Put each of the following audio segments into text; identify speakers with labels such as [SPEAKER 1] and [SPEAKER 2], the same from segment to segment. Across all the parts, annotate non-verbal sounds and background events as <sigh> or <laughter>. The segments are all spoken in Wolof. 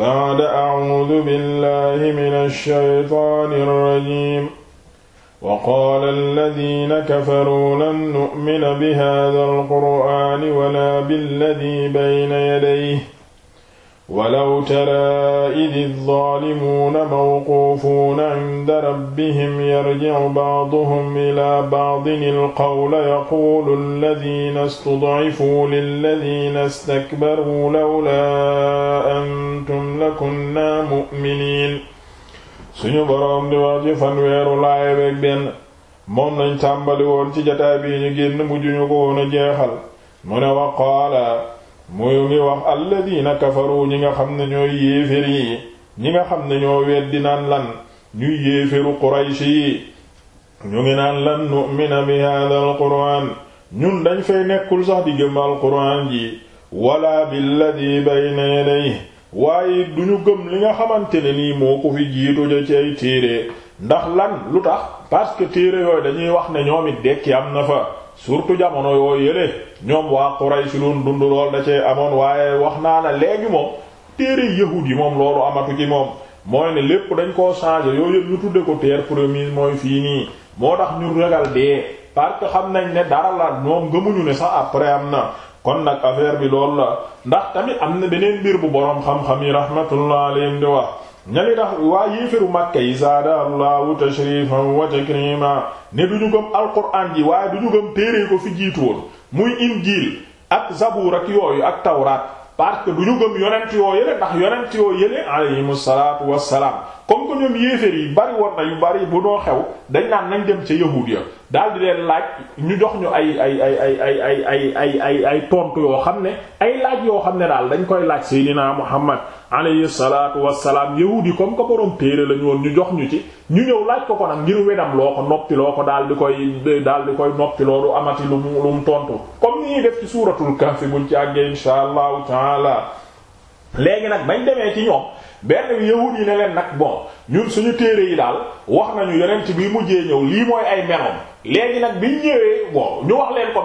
[SPEAKER 1] ba'da a'uudu billahi mina shaytaani rajiim wa qaala alladiina kafaruu lan nu'mina bi haadhal qur'aani wa laa billadii bayna yadayhi walaw tara idi zaalimuuna mawquufuuna cinda rabbihim yarjicu bacduhum ilaa bacdin alqawla yaquulu alladiina istudcifuu lilladiina istakbaruu lawlaa antum lakunnaa mu'miniin suñu boroom di wax ci fanweeru laaya beeg benn moom lañ tàmbali woon ci jataay bi ñu génn mujjuñu ko woon a jeexal mu ne wa qaala mu ngi wax alladina kafaru ñi nga xam ne ñooy yéefér ñi nga xam ne ñoo weddi naan lan ñuy yéeféru Quraysh si ñu ngi naan lan nu'mina bi hada al ñun dañ fay nekkul sax di gëm al quraan ji wala billadi bayna yadayhi waaye duñu
[SPEAKER 2] gëm li nga xamante ne nii moo ko fi jiitu ci ay téere ndax lan lu tax parce que téere yooyu dañuy wax ne ñoom it dekki am na fa surtout jamono yoo yële ñoom waa Quraysh doon dund lool da cee amoon waaye wax naa na léegi moom téere yahuud yi moom loolu amatu ci moom mooy ne lépp dañ koo changer yooyu yëpp ñu tudde ko terre promise mooy fii nii moo tax ñu ragal dee parce xam nañ ne dara la ñoom gëmuñu ne sax après am na kon nag affaire bi loolu la ndax tamit am na beneen mbir bu boroom xam-xam yi rahmatullah alayhi di wax ña li tax waa yéeféru Makka yi zaada allahu tashrifan wa takrima ne du ñu gëm alquran ji waaye du ñu gëm téere ko fi jiitu woon muy injiil ak zabuur ak yooyu ak tawraat parce que du ñu gëm yonent yoo yële ndax yonent yoo yële alayhimu salaatu wassalaam comme que ñoom yéeféer yi bari woon na yu bari bu noo xew dañ naan nañ dem ca yahuud ya dal di leen laaj ñu jox ñu ay ay ay ay ay ay ay ay ay tontu yoo xam ne ay laaj yoo xam ne daal dañ koy laaj seydinaa Muhammad alayhi salaatu wassalaam yahuud yi comme que borom téere lañu woon ñu jox ñu ci ñu ñëw laaj ko ko nag ngir wedam loo ko noppi loo ko daal di koy daal di koy noppi loolu amati lu mu lu mu tontu comme ni ñuy def ci suuratul kahf buñ ci àggee insha allahu taala léegi nag bañ demee ci ñoom benn yahud yi ne leen nag bon ñun suñu téere yi daal wax nañu yonent bi mujjee ñëw lii mooy ay menoom léegi nag biñ ñëwee bon ñu wax leen ko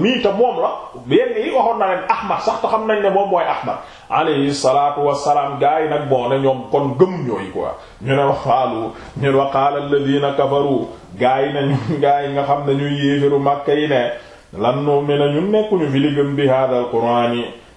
[SPEAKER 2] mii te moom la benn yi waxoon na xam nañ ne moom mooy Ahmad alayhi salaatu wassalaam gars yi nag bon ne ñoom kon gëm ñooyu quoi ñu ne waxaalu ñu wa qaala alladhina kafaru <laughs> gars yi nga xam ne ñuy yéefiru yi ne lan noo nekkuñu fi bi hada al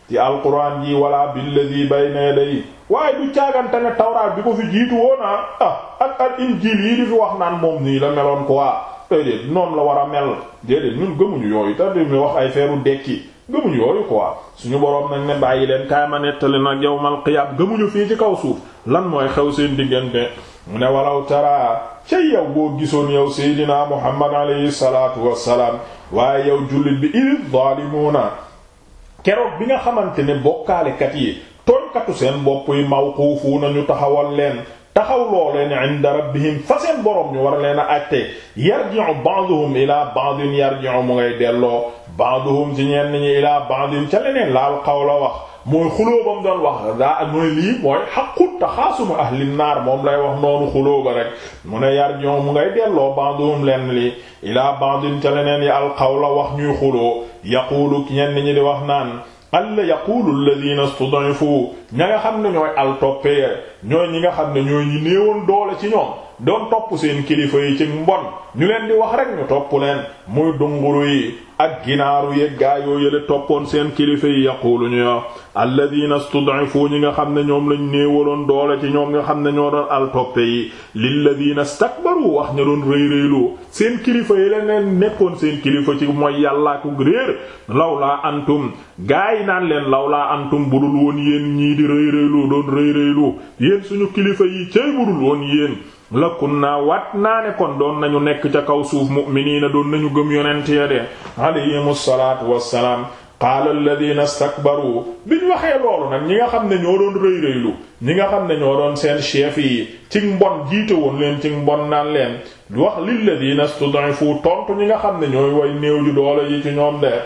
[SPEAKER 2] ci alquran ji wala billadi bayna yaday waaye du caagante ne tawraat bi ko fi jiitu woon ah, ah ak al injil yi di fi wax naan moom nii la meloon quoi déedéet noonu la war a mel déedéet ñun gëmuñu yooyu te di wax ay feeru dekki gëmuñu yooyu quoi suñu boroom nag ne bàyyi leen kaay ma nettali nag yawmal qiyaam gëmuñu fii ci kaw suuf lan mooy xew seen diggante mu ne walaw tara ca yow boo gisoon yow seydinaa muhammad alayhi salaatu wassalaam waaye yow jullit bi keroog bi nga xamante ne bokkaalekat yi tooñkatu seen bopp yi mawquufu nañu taxawal leen taxaw loo leen inda rabbihim fa seen boroom ñu war leen a àtte yarji'u ba'duhum ila ba'din yarji'u mu ngay delloo ba'duhum ci ñenn ñi ilaa ba'din ca leneen laal qawla wax mooy xuloo ba mu doon wax daa mooy lii mooy xaqut taxaasumu ahli naar moom lay wax noonu xuloo ba rek mu ne yar ñoom mu ngay delloo ba'duhum lenn li ilaa ba'din ca leneen yi al qawla wax ñuy xuloo yaqulu ñenn ñi di wax naan alla yaqulu alladhina istud'ifu ña nga xam ne ñooy al toppee ñooy ñi nga xam ne ñooy ñi néewoon ci ñoom doon topp seen kilifa yi ci mbon ñu leen di wax rek ñu topp leen muy dunguru yi ak ginaaru yeeg gaa yoo yële toppoon seen kilifa yi yaqulu ñu yo alladina stud'ifu ñi nga xam ne ñoom lañ néewaloon doole ci ñoom nga xam ne ñoo doon al toppe yi lilladina stakbaru wax ña doon rëy rëylu seen kilifa yi leen leen nekkoon seen kilifa ci mooy yàllaa ko réer laa antum gaa yi naan leen lawlaa antum budul woon yéen ñii di rëy rëyloo doon rëy rëyloo yéen suñu kilifa yi cey budul woon yéen lakkun naa wat naa ne kon doon nañu nekk ca kaw suuf mu'miniina doon nañu gëm yonent ya de alayhimu salaatu wassalaam qaala alladina stakbaru bi waxee loolu nag ñi nga xam ne ñoo doon rëy rëylu ñi nga xam ne ñoo doon seen chef yi ci mbon jiite woon leen ci mbon naan leen wax lilladina stud'ifu tontu ñi nga xam ne ñooy way néew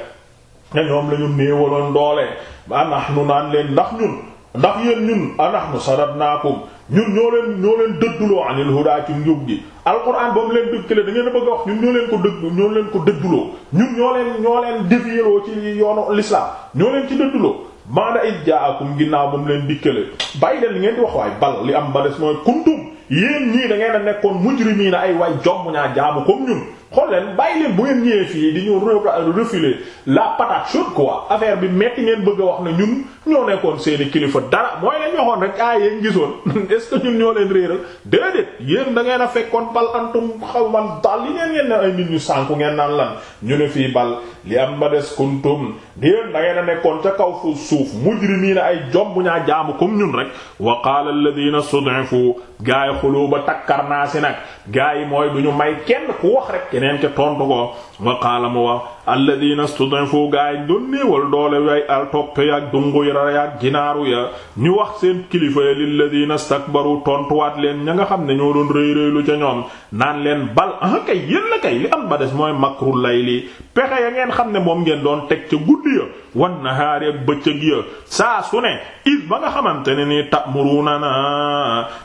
[SPEAKER 2] te ñoom la ñu néewaloon doole anax nu naan leen ndax ñun ndax yéen ñun anax nu sadatnaakum ñun ñoo leen ñoo leen dëdduloo anil huda ci njub gi alquran ba mu leen dëkkale da ngeen a bëgg a wax ñun ñoo leen ko dëgg ñoo leen ko dëdduloo ñun ñoo leen ñoo leen déviéloo ci yoonu l'islam ñoo leen ci dëdduloo maana it jaakum ginnaaw ba mu leen dikkale bàyyi leen li ngeen di wax waay bal li am ba des mooy kuntum yéen ñii da ngeen a nekkoon mujrimiina ay waay jomm ñaa jaamu comme ñun xool leen bàyyi leen bu ngeen ñëwee fii di ñu refiler la patate chaude quoi affaire bi metti ngeen bëgg a wax na ñun ñoo nekkoon seeni kilifa dara mooy lañ waxoon rek ah yéen gisoon <laughs> est-ce ñun ñoo leen réeral déedéet yéen da ngeen a fekkoon bal antum xaw man dal li ngeen ngeen ne ay nit ñu sànku ngeen naan lan ñu ne fii bal li am ma des kuntum yéen da a nekkoon ca kaw fu suuf mujrimiina ay jomb ñaa jaamu comme ñun rek wa qaala alladina sud'ifu gaay xuloo ba si nag gaay mooy du ñu may kenn ku wax rek keneen ke tontu ko wa qaala mu wax alladina stud'ifu gaay doon néewal doole way al topp yaak dungu ya yaak ginaaru ya ñu wax seen kilifa ya lilladina stakbaru tontuwaat leen ña nga xam ne ñoo doon rëy rëylu ca ñoom naan leen bal ah kay yéen la kay li am ba des mooy makrul layli pexe ya ngeen xam ne moom ngeen doon teg ca guddi ya wan nahaari ak bëccëg ya saa su ne is ba nga xamante ne nii ta'muruna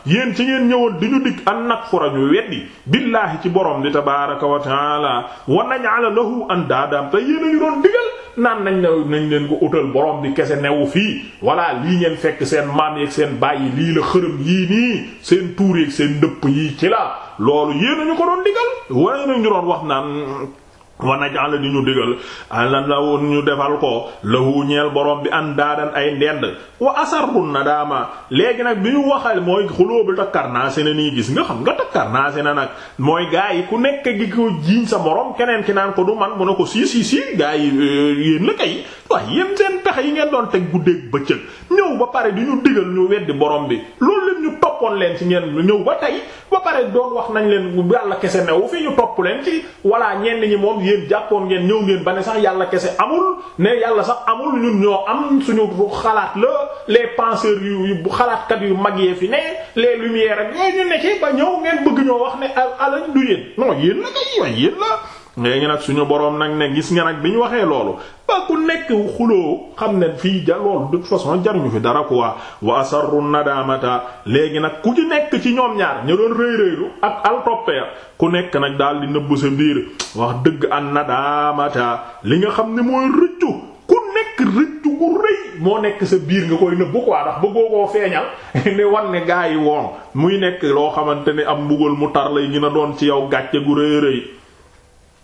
[SPEAKER 2] yéen ci ngeen ñëwoon di ñu dikk an nakfura ñu weddi billaahi di tabaaraka taj'ala lahu andaadam te yéen ñu doon digal naan nañ ne nañ leen ko utal borom bi kese newu fii voilà lii ngeen fekk seen maam yeeg seen bàyyi lii la xërëm yii nii seen tuur yeeg seen dëpp yii ci la loolu yéen a ñu ko doon digal waaye nañ ñu doon wax naan. wana jàll di ñu digal lan la woon ñu defal ko la ñeel borom bi an daadan ay ndend wa asarru nadaama léegi nag bi ñu waxal mooy xuloo bi takkar naa se ne nii gis nga xam nga takkar naa se ne nag mooy gaa yi ku nekk gi ko jiiñ sa morom keneen ki naan ko du man mu ne ko si si si gaa yi euh, yéen la kay waaye yéen seen pexe yi ngeen doon teg ba bëccëg ñëw ba pare di ñu digal ñu weddi borom bi. toppoon leen ci ngeen lu ñëw ba tey ba pare doon wax nañ leen yàlla kese newu fi ñu topp leen ci walla ñenn ñi moom yéen jàppoon ngeen ñëw ngeen ba ne sax yàlla kese amul ne yàlla sax amul ñun ñoo am suñu xalaat la les penseurs yu bu xalaatkat yu mag yee fi ne les lumières ak yooyu ñu ne ba ñëw ngeen bëgg ñoo wax ne alal du yéen non yéen la kay yéen la. léegi nag suñu boroom nag ne gis nga nag bi ñu waxee loolu ba ku nekk xuloo xam ne fii ja loolu de façon jaruñu fi dara waa wa asarru nadamata léegi nag ku ci nekk ci ñoom ñaar ñu doon rëy rëylu ak altoppeer ku nekk nag daal di nëbb sa biir wax dëgg an nadamata li nga xam ne mooy rëccu ku nekk rëccu gu rëy moo nekk sa biir nga koy nëbb quoi ndax bëggoo koo feeñal <laughs> ne wan ne gaa yi woon muy nekk loo xamante ni am mbugal mu tar lay gën a doon ci yow gàcce gu rëy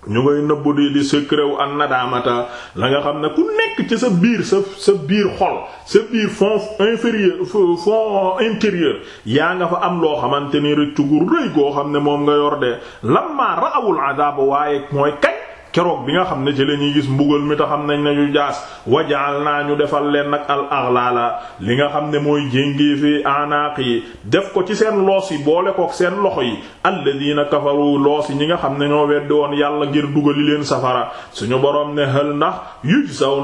[SPEAKER 2] ñu ngay nëbbu di di secret wu an nadaamata la nga xam ne ku nekk ci sa biir sa sa biir xol sa biir fond inférieur fond intérieur yaa nga fa am loo xamante ni rëccu gu rëy goo xam ne moom nga yor de lamma raawul adaaba waaye mooy kañ keroog bi nga xam ne ci la ñuy gis mbugal mi ta xam nañ ne ñu jaas wajaal naa ñu defal leen nag al aghlaala li nga xam ne mooy jéngi fi anaaq yi def ko ci seen loos yi boole ko seen loxo yi alladina kafaru loos yi ñi nga xam ne ñoo weddi woon yàlla ngir yi leen safara suñu boroom ne hal ndax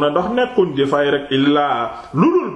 [SPEAKER 2] na ndax nekkuñ di fay rek illaa lu dul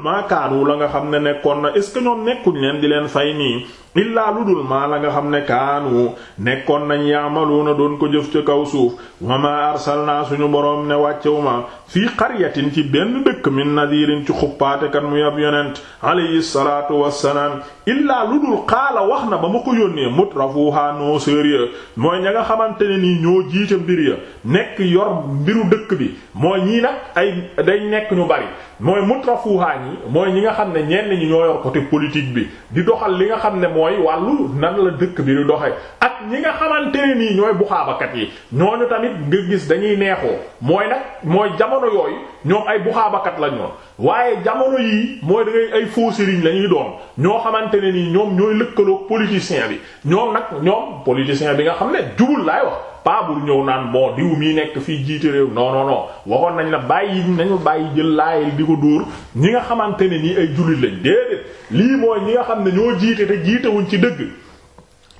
[SPEAKER 2] wu la nga xam ne nekkoon na est ce que ñoom nekkuñ leen di leen fay nii illaa lu dul maa la nga xam ne kaanu nekkoon nañ yaamaluuna doon ko jëf ca kaw suuf wa ma arsalnaa suñu boroom ne wàccewu ma fii qaryatin ci benn dëkk min nadiirin ci xuppaatekat mu ab yonent alayhi salaatu wassalaam illaa lu dul xaala wax na ba ma ko yónnee mut rafuha non sérieux mooy ña nga xamante ne nii ñoo jiite mbir ya nekk yor mbiru dëkk bi mooy ñii nag ay day nekk ñu bari mooy mut rafuha ñi mooy ñi nga xam ne ñenn ñi ñoo yor côté politique bi di doxal li nga xam ne mooy wàllu nan la dëkk bi di doxee ak ñi nga xamante ne nii ñooy buxaabakat yi ñooñu tamit nga gis dañuy neexoo mooy nag mooy jamono yooyu ñoom ay buxaabakat la ñoon waaye jamono yii mooy da ay faux lañuy la ñoo xamante ne nii ñoom ñooy lëkkaloog politicien bi ñoom nag ñoom politicien bi nga xam ne jubul laay wax pas ñëw naan bon diw mii nekk fii jiite réew non waxoon nañ la bàyyi nañu bàyyi jël laay di ko dóor ñi nga xamante ne nii ay jullit lañ déedéet lii mooy ñi nga xam ne ñoo jiite te jiitewuñ ci dëgg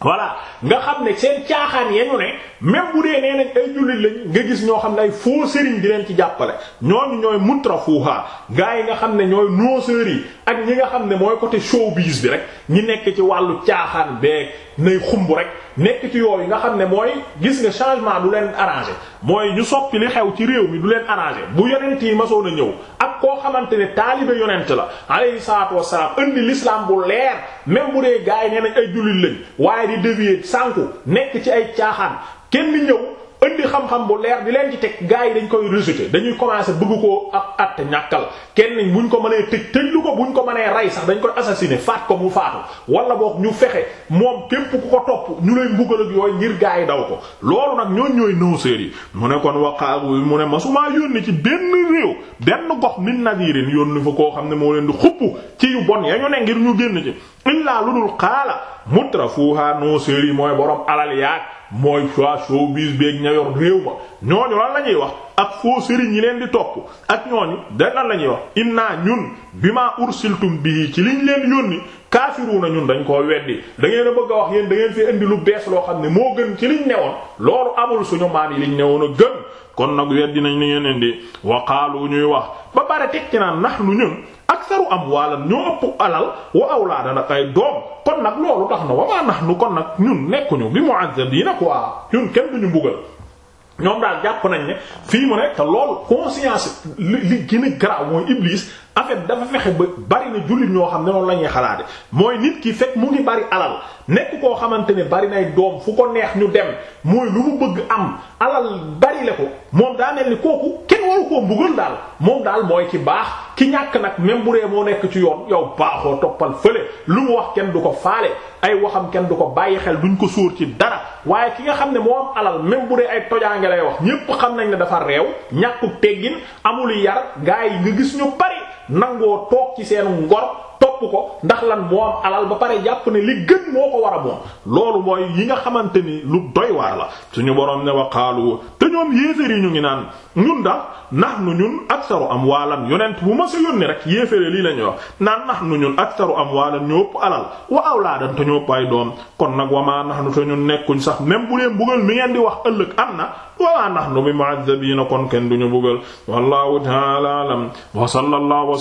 [SPEAKER 2] voilà nga xam ne seen caaxaan ya ñu ne même bu dee nee nañ ay jullit lañ nga gis ñoo xam ne ay faux sëriñ di leen ci jàppale ñooñu ñooy mutrafuha gaa yi nga xam ne ñooy noceurs yi ak ñi nga xam ne mooy côté showbiz bi rek ñi nekk ci wàllu caaxaan beeg nay xumb rek nekk ci yooyu nga xam ne mooy gis nga changement du leen arrangé mooy ñu soppi li xew ci réew mi du leen arrangé bu yonent yi masoon a ñëw ak koo xamante ne taalibe yonent la alayhi salaatu wassalaam indi l'islam bu leer même bu dee gaay nee nañ ay jullit lañ waaye di dévier sànku nekk ci ay caaxaan kenn ñëw indi xam-xam bu leer di leen ci teg gars yi dañ koy rejeter dañuy commencer bëgg ko ab at ñàkkal kenn buñ ko mënee tëj tëj lu ko buñ ko mënee rey sax dañ koy assassiner faat ko mu faatu wala boog ñu fexe moom képp ku ko topp ñu lay mbugal ak yooyu ngir gars yi daw ko loolu nag ñooñ ñooy nooseurs yi mu ne kon waqaagu mu ne masumaa yónni ci benn réew benn gox min nadirin yónni fa koo xam ne moo leen di xupp ci yu bon ya ne ngir ñu génn ci illaa lu dul xaala mutrafuha nooseurs yi mooy borom alal mooy waa biis beeg ña yor réew ma ñooñu lan la ñuy wax ak foo sëriñ ñi leen di topp ak ñooñu da lan la ñuy wax inna ñun bi bima ursiltum bihi ci liñ leen yónni na ñun dañ koo weddi da ngeen bëgg a wax yéen da ngeen indi lu bees loo xam ne moo gën ci liñ newoon loolu amul suñu maam yi liñ newoon a gën kon nag weddi nañ li ngeen indi wa qaalu ñuy wax ba bare teg ci naan nax nu ñun aksaru amwaalan ñoo ëpp alal wa awlaadan ak ay doom kon nag loolu tax na wamaa nax nu kon nag ñun nekkuñu bi mu mu'azzabiina quoi ñun kenn duñu mbugal ñoom daal jàpp nañ ne fii mu ne te loolu conscience li li gën en fait dafa fexe ba bari na jullit ñoo xam ne noonu la ñuy xalaate mooy nit ki fekk mu ngi bari alal nekk koo xamante ne bari nay doom fu ko neex ñu dem mooy lu mu bëgg am alal bari la ko moom daa mel ni kooku kenn waru koo daal moom daal mooy ki baax ki ñàkk nag même bu dee moo nekk ci yoon yow baaxoo toppal fële lu mu wax kenn du ko faale ay waxam kenn du ko bàyyi xel duñ ko sóor ci dara waaye ki nga xam ne moo am alal même bu dee ay tojaange lay wax ñépp xam nañ ne dafa réew ñàkku teggin nangoo toog ci seen ngor topp ko ndax lan moo alal ba pare jàpp ne li gën moo ko war a moom loolu mooy yi nga xamante ni lu doy waar la suñu borom ne wa qaalu te ñoom yéefér ñu ngi naan ñun da nahnu ñun aktharu amwalan yonent bu ma sa yónni rek yéeféere lii la ñuy wax naan nahnu ñun aktharu amwalan ñoo ëpp alal wa awlaadan te ñoo ëpp ay doom kon nag wamaa nahnu te ñun nekkuñ sax même bu leen bugal mi ngeen di wax ëllëg am na wamaa nahnu bi mu'azzabina kon kenn duñu bugal
[SPEAKER 1] wallahu ta'ala alam wa sallallahu wa